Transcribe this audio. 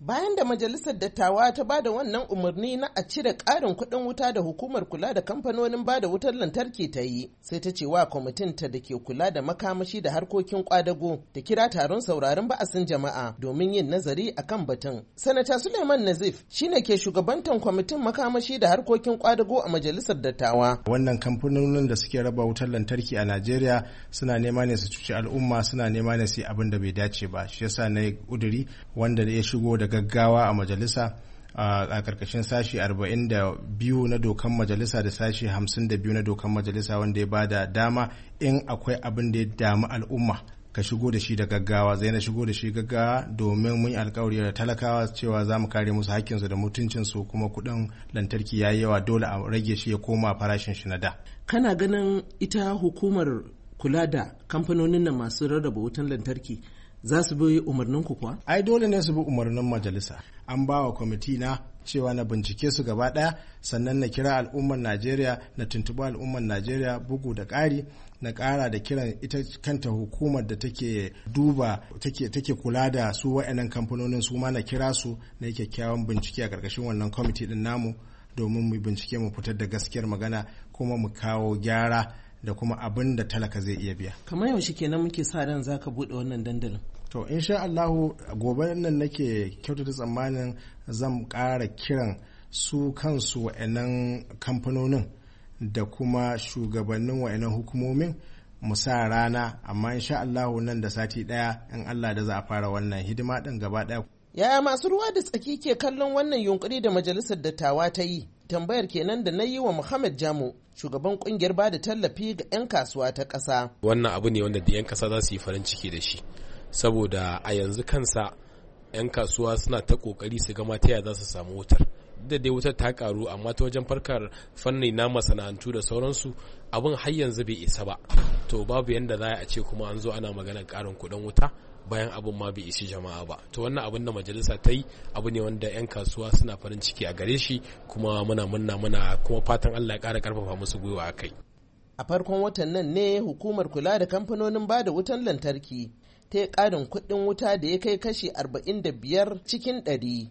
bayan da majalisar dattawa ta ba da wannan umarni na a cire ƙarin kuɗin wuta da hukumar kula da kamfanonin ba da wutar lantarki ta yi sai ta ce wa kwamitin ta da ke kula da makamashi da harkokin kwadago ta kira taron sauraron ba'asin jama'a domin yin nazari a kan batun sanata suleiman nazif shine ke shugabantan kwamitin makamashi da harkokin kwadago a majalisar dattawa wannan kamfanonin da suke raba wutar lantarki a najeriya suna nema ne su cuci al'umma suna nema ne su yi abin da bai dace ba shi yasa na yi wanda ya shigo da da gaggawa a majalisa a karkashin sashi 42 na dokan majalisa da sashi 52 na dokan majalisa wanda ya bada dama in akwai abin da ya damu al'umma ka shigo da shi da gaggawa zai na shigo da shi gaggawa domin mun yi alkawari da talakawa cewa za mu kare musu hakkinsu da mutuncinsu kuma kuɗin lantarki ya yi yawa dole a rage shi ya koma farashin shi na da. kana ganin ita hukumar kula da kamfanonin nan masu rarraba wutan lantarki za su bi umarnin ku kuwa? Ai dole ne su bi umarnin majalisa. An ba wa kwamiti na cewa na bincike su gaba ɗaya sannan na kira al'ummar Najeriya na tuntuɓi al'ummar Najeriya bugu da ƙari na ƙara da kiran ita kanta hukumar da take duba take kula da su wa'annan kamfanonin su ma na kira su na kyakkyawan bincike a ƙarƙashin wannan kwamiti ɗin namu domin mu bincike mu fitar da gaskiyar magana kuma mu kawo gyara da kuma abin da talaka zai iya biya kamar yaushe kenan muke sa ran zaka bude wannan dandalin to insha Allahu gobe nan nake kyautata tsammanin zan ƙara kiran su kansu wa'annan kamfanonin da kuma shugabannin wa'annan hukumomin mu sa rana amma insha Allahu nan da sati daya in Allah da za a fara wannan hidima din gaba daya yaya masu ruwa da tsaki ke kallon wannan yunkuri da majalisar dattawa ta yi tambayar kenan da na yi wa Muhammad Jamu shugaban kungiyar ba da tallafi ga 'yan kasuwa ta ƙasa. Wannan abu ne wanda da 'yan ƙasa za su yi farin ciki da shi saboda a yanzu kansa 'yan kasuwa suna ta ƙoƙari su gama ta za su samu wutar da dai wutar ta karu amma ta wajen farkar fanni na masana'antu da sauransu abin har yanzu bai isa ba to babu yadda za a ce kuma an zo ana magana karin kuɗin wuta bayan abin ma bai isi jama'a ba to wannan abin da majalisa ta yi abu ne wanda 'yan kasuwa suna farin ciki a gare shi kuma muna muna muna kuma fatan allah ya kara karfafa musu gwiwa a kai a farkon watan nan ne hukumar kula da kamfanonin ba da wutan lantarki ta yi karin kuɗin wuta da ya kai kashi 45 cikin ɗari.